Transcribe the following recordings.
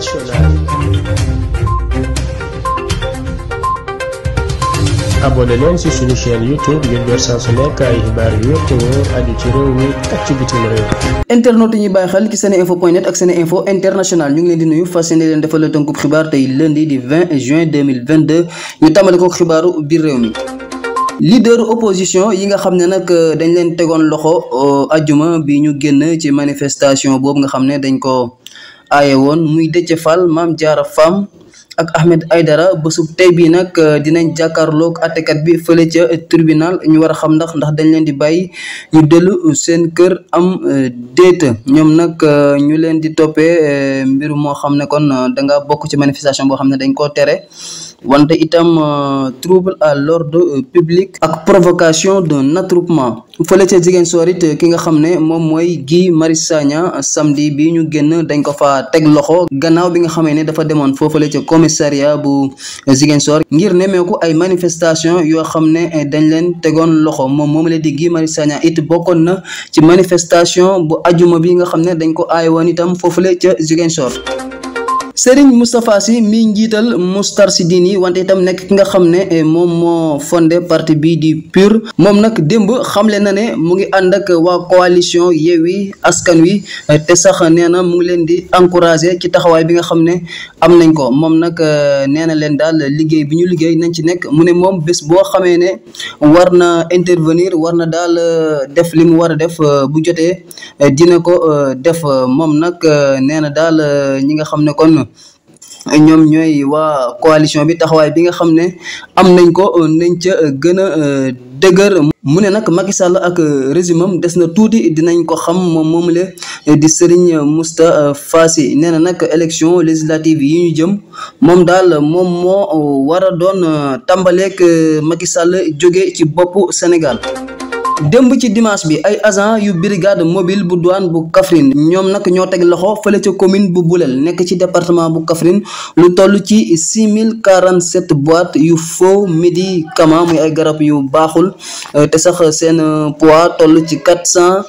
nationale. abonné leen ci suñu chaîne youtube ngir jot saa su nekk ay xibaar yu yëpp aju mi ak ci bitim réew. internet yi ñuy bàyyi seen info point ak seen info international ñu ngi leen di nuyu fas yéene leen defal la tënkub xibaar tey lundi di 20 juin 2022 ñu tàmbali ko xibaaru biir réew mi. leader opposition yi nga xam ne nag dañ leen tegoon loxo euh, ajuma bi ñu génn ci manifestation boobu nga xam ne dañ ko. aaye woon muy Déthié Fall Mame jaara Fam ak Ahmed Aidara bésub tey bii nag euh, dinañ jàkkaarloog àttekat bi fële ca euh, tribunal ñu war a xam ndax ndax dañ leen di bàyyi ñu dellu euh, seen kër am déet ñoom nag ñu leen di toppee mbir moo xam ne kon da nga bokk ci manifestation boo xam ne dañ koo tere wante itam euh, trouble à l'ordre euh, public ak provocation d'un attroupement fële ca jigéen it ki nga xam ne moom mooy Guy Marius Sagna samedi bi ñu génn dañ ko fa teg loxo gannaaw bi nga xamee ne dafa demoon foofu foofale ca commissariat bu Ziguinchor ngir nemmeeku ay manifestation yoo xam ne eh, dañ leen tegoon loxo moom moom leen di gi Marius Sagna it bokkoon na ci manifestation bu ajuma bi nga xam ne dañ ko aay woon itam foofu foofale ca Ziguinchor Serigne Moustapha Sy mi njiital Moustarchidine yi wante itam nekk ki nga xam ne eh, moom moo fondé partie bii di pure moom nag démb xam xamle na ne mu ngi ànd ak waa coalition Yewwi Askan Wi eh, te sax nee na mu ngi leen di encouragé ci taxawaay bi nga xam ne am nañ ko moom nag euh, nee na leen daal liggéey bi ñu liggéey nañ ci nekk mu ne moom bés boo xamee ne war na intervenir war na daal euh, def li mu war a def euh, bu jotee dina ko def moom nag nee na daal ñi nga xam ne kon ñoom ñooy waa coalition bi taxawaay bi nga xam ne am nañ ko nañ ca gën a euh, dëgër mu ne nag Macky Sall ak euh, régime am des na tuuti dinañ ko xam moom moomule euh, di Serigne Moustapha Sy nee na nag élection législative yi ñu jëm moom daal moom moo war a doon tàmbaleeg Macky Sall jóge ci boppu Sénégal démb ci dimanche bi ay agent yu brigade mobile bu douane bu Kaffrine ñoom nag ñoo teg loxo fële ca commune bu Boulel nekk ci département bu Kaffrine lu toll ci six mille quarante sept boîtes yu faux médicament muy ay garab yu baaxul euh, te sax seen euh, poids toll ci quatre cent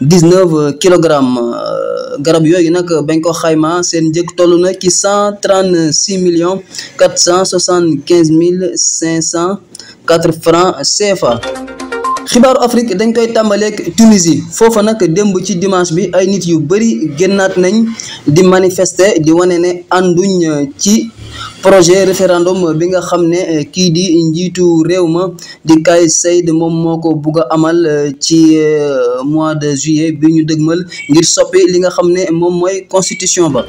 dix neuf kilogrammes euh, garab yooyu nag bañ ko xayma seen njëg toll na ci cent trente six millions quatre cent soixante quinze mille cinq cent quatre francs CFA. xibaaru Afrique dañ koy tàmbaleek Tunisie foofa nag démb ci dimanche bi ay nit yu bëri génnaat nañ di manifester di wane ne ànduñ ci projet référendum bi nga xam ne eh, kii di njiitu réew ma di kay Saied moom moo ko bugg a amal eh, ci eh, mois de juillet bi ñu dëgmal ngir soppi li nga xam ne moom mooy constitution ba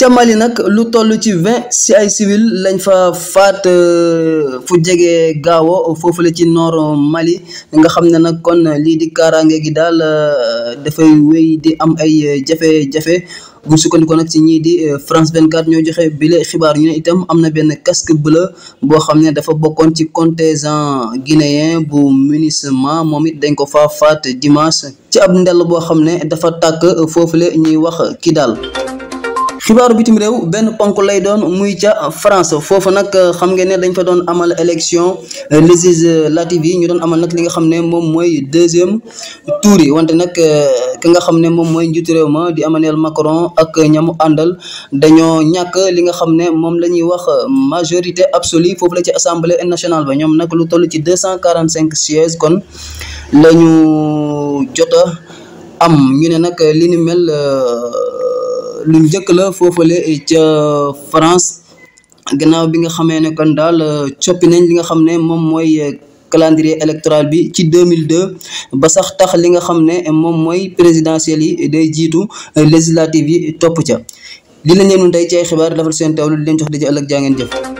ca Mali nag lu toll ci vingt si ay civil lañ fa faat euh, fu jege gaawo foofule ci noor Mali nga xam ne nag kon lii di kaaraange gi daal euh, dafay wéy di am ay jafe-jafe bu sukkandikoo nag ci ñii di euh, France 24 ñoo joxe bile xibaar ñu ne itam am na benn casque bleu boo xam ne dafa bokkoon ci contingent guinéen bu MINUSMA moom it dañ ko faa faat dimanche ci ab ndell boo xam ne dafa tàkk foofule ñuy wax daal xibaaru bitim réew benn ponk lay doon muy ca France foofu nag euh, xam ngeen ne dañ fa doon amal élection euh, législative yi ñu doon amal nag li nga xam ne moom mooy deuxième tour yi wante nag euh, ki nga xam ne moom mooy njiitu réew ma di Emmanuel Macron ak ñamu àndal dañoo ñàkk li nga xam ne moom la ñuy wax majorité absolue foofu la ci assemblée nationale ba ñoom nag lu toll ci deux cent quarante cinq sièges kon la ñu jota am ñu ne nag li ni mel. lu njëkk la foofu foofale ca France gannaaw bi nga xamee ne kon daal euh, coppi nañ li nga xam ne moom mooy euh, calendrier électoral bi ci 2002 ba sax tax li nga xam ne moom mooy présidentielle yi day jiitu euh, législative yi topp ca li la ñeen nun tey ci ay xibaar dafal seen teewlu di leen jox daje ëllëg jaa ngeen jëf